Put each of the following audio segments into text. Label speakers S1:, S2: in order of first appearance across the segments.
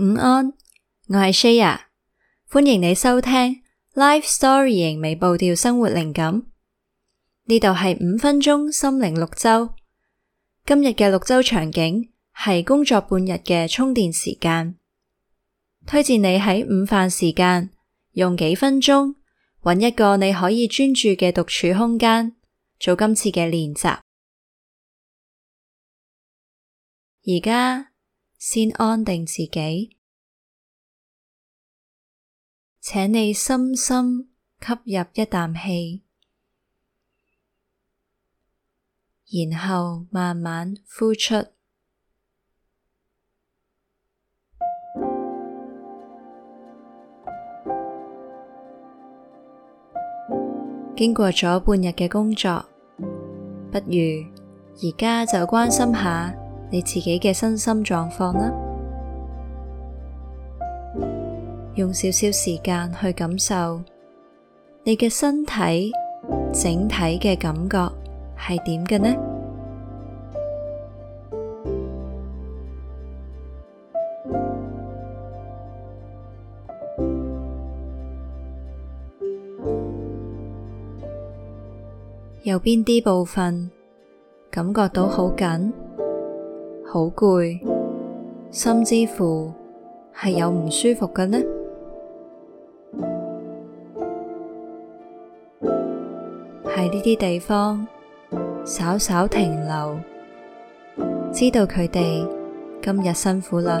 S1: 午安，我係 Shaya，歡迎你收聽 Life Story 微步調生活靈感。呢度係五分鐘心靈綠洲。今日嘅綠洲場景係工作半日嘅充電時間。推薦你喺午飯時間用幾分鐘，揾一個你可以專注嘅獨處空間，做今次嘅練習。而家。先安定自己，請你深深吸入一啖氣，然後慢慢呼出。經過咗半日嘅工作，不如而家就關心下。你自己嘅身心狀況啦，用少少時間去感受你嘅身體整體嘅感覺係點嘅呢？有邊啲部分感覺到好緊？好攰，甚至乎係有唔舒服嘅呢？喺呢啲地方稍稍停留，知道佢哋今日辛苦啦。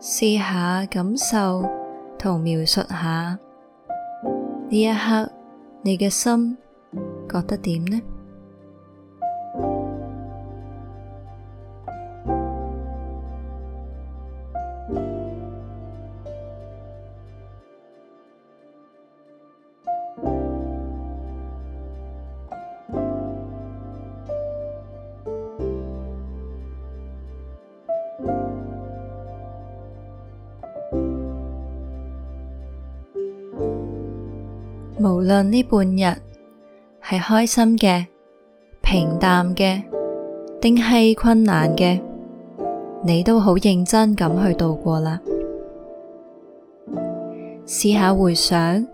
S1: 試下感受同描述下，呢一刻你嘅心覺得點呢？無論呢半日係開心嘅平淡嘅，定係困難嘅，你都好認真咁去度過啦。試下回想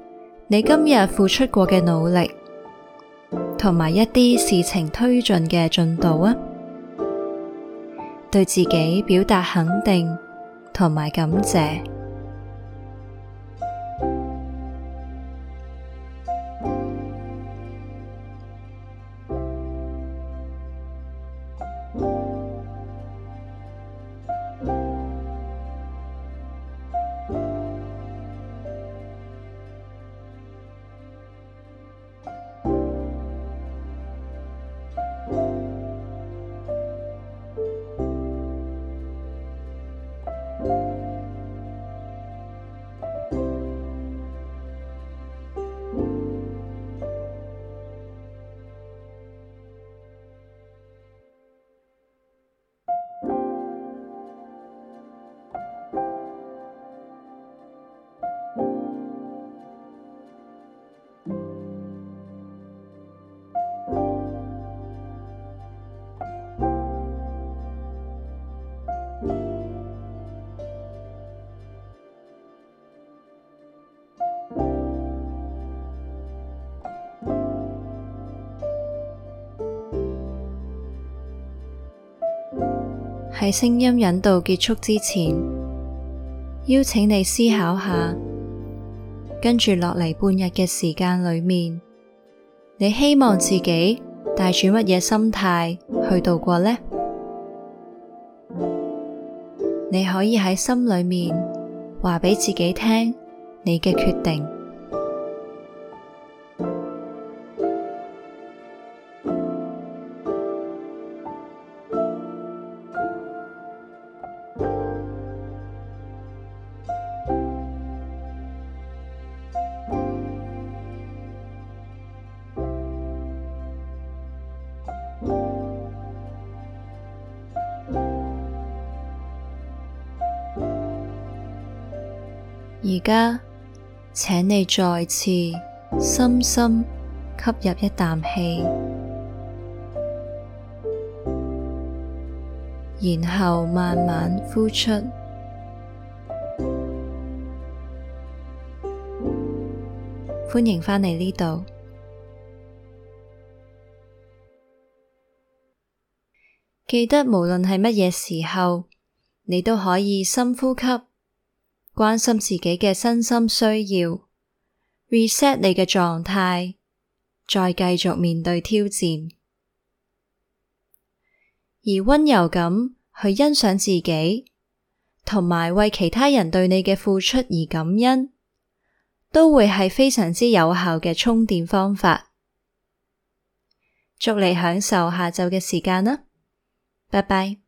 S1: 你今日付出過嘅努力，同埋一啲事情推進嘅進度啊，對自己表達肯定同埋感謝。喺聲音引導結束之前，邀請你思考下，跟住落嚟半日嘅時間裏面，你希望自己帶住乜嘢心態去度過呢？你可以喺心裏面話俾自己聽，你嘅決定。而家，請你再次深深吸入一啖氣，然後慢慢呼出。歡迎返嚟呢度。記得無論係乜嘢時候，你都可以深呼吸。關心自己嘅身心需要，reset 你嘅狀態，再繼續面對挑戰，而温柔咁去欣賞自己，同埋為其他人對你嘅付出而感恩，都會係非常之有效嘅充電方法。祝你享受下晝嘅時間啦，拜拜。